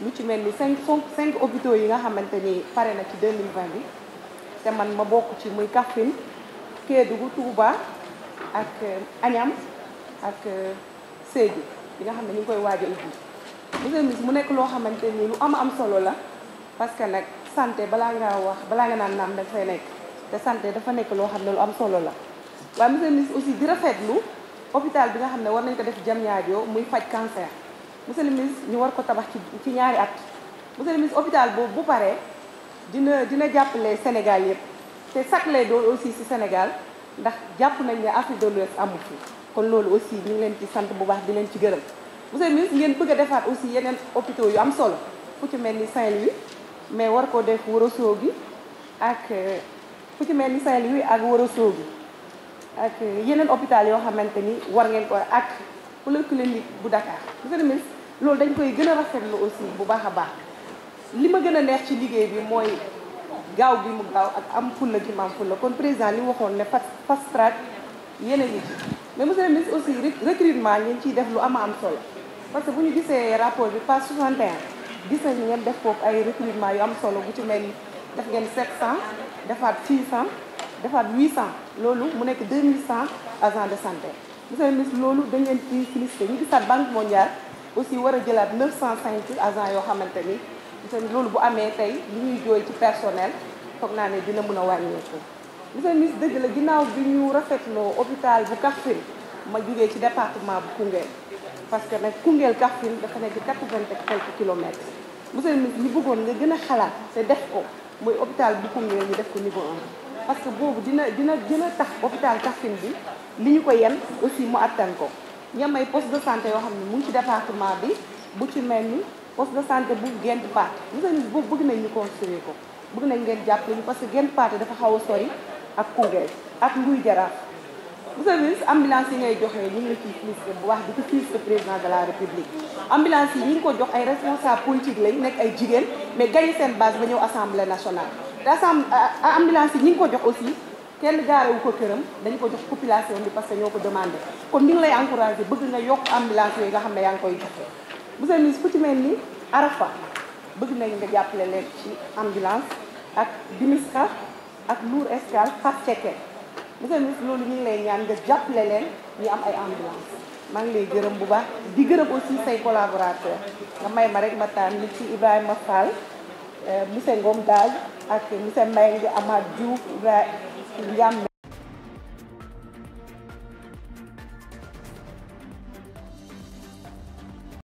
lu ci mel ni cinq cinq hôpitaux yi nga xamante ni pare na ci 2020 bi te man ma bokk ci muy Kaffrine Kédougou Touba ak euh, añam ak euh, Sédhiou yi nga xam ne ñu ngi koy waaj a ubbi monsieur ministre mu nekk loo xamante ni lu am am solo la parce que nag santé balaa ngaa wax balaa nga naan naam dafay nekk te santé dafa nekk loo xam ne lu am solo la waaye monsieur ministre aussi di rafetlu hôpital bi nga xam ne war nañ ko def Diamniadio muy faj cancer monsieur le ñu war ko tabax ci ci ñaari at monsieur le ministre hôpital boobu bu paree dina dina jàppale Sénégal yëpp te sax lay doon aussi si Sénégal ndax jàpp nañ ne Afrique de l'Ouest amul fi kon loolu aussi ñu ngi leen ci sant bu baax di leen ci gërëm monsieur le ministre ngeen bëgg a defaat aussi yeneen hôpitaux yu am solo fu ci mel ni Saint-Louis mais war ko def Ourossogui ak fu ci mel ni sayli louis ak Ourossogui ak yeneen hôpital yoo xamante ni war ngeen ko ak polyclinique bu Dakar monsieur le loolu dañ koy gën a rafetlu aussi bu baax a baax li ma gën a neex ci liggéey bi mooy gaaw bi mu gaaw ak am fulla gi maam fulla kon président li waxoon ne fast track yeneen yi mais monsieur le ministre aussi recrutement ñu ciy def lu ama parce que bu ñu gisee rapport bi page 61 gis nañu ngeen def foofu ay recrutement yu am solo bu ci mel ni def ngeen 700 defaat 600 defaat 800 loolu mu nekk 2100 agents de santé monsieur le ministre loolu da ngeen ci félicité ñu gisaat banque mondiale aussi war a jëlaat cent cinq agents yoo xamante ni seen loolu bu amee tey li ñuy jooy ci personnel foog naa ne dina mën a wàññeeku. monsieur le ministre dëgg la ginnaaw bi ñu rafet loo hôpital bu Kaffrine ma jugee ci département bu Koungheul parce que nag Koungheul Kaffrine dafa nekk 80 et quelques kilomètres monsieur le ministre ñu bëggoon nga gën a xalaat te def ko mooy hôpital bu Koungheul ñu def ko niveau 1. parce que boobu dina dina gën a tax hôpital Kaffrine bi li ñu ko yen aussi mu attan ko. ñu am ay poste de santé yoo xam ne mu ngi ci département bi bu ci mel ni poste de santé bu Gént Pathé ñi boobu bëgg nañ ñu ko bëgg nañ ngeen jàpp ñu parce que Gént Pathé dafa xaw a sori ak Koungheul ak Nguy Jaraaf monsieur le ministre ambulance yi ngay joxe ñu ngi la ciy félicité bu wax di ko félicité président de la république ambulance yi ñu ngi ko jox ay responsable politique lañu nekk ay jigéen mais gagné seen base ba ñëw assemblée nationale te assemblée ambulance yi ñu ngi ko jox aussi kenn gaare wu ko këram dañ ko jox population bi parce que ñoo ko demandé kon ñu ngi lay encouragé bëgg nga yokk ambulance yooyu nga xam ne yaa ngi koy joxe monsieur le ministre ku ci mel ni Arafa bëgg nañ nga jàppale leen ci ambulance ak Dimiska ak Lour Escale Fass Cekkeen monsieur le ministre loolu ñu ngi lay ñaan nga jàppale leen ñu am ay ambulance maa ngi lay gërëm bu baax di gërëm aussi say collaborateur nga may ma rek ma tànn ci Ibrahima Fall euh, monsieur Ngom Daal ak monsieur Mbaye Amadou Diouf Ibrahima Ja,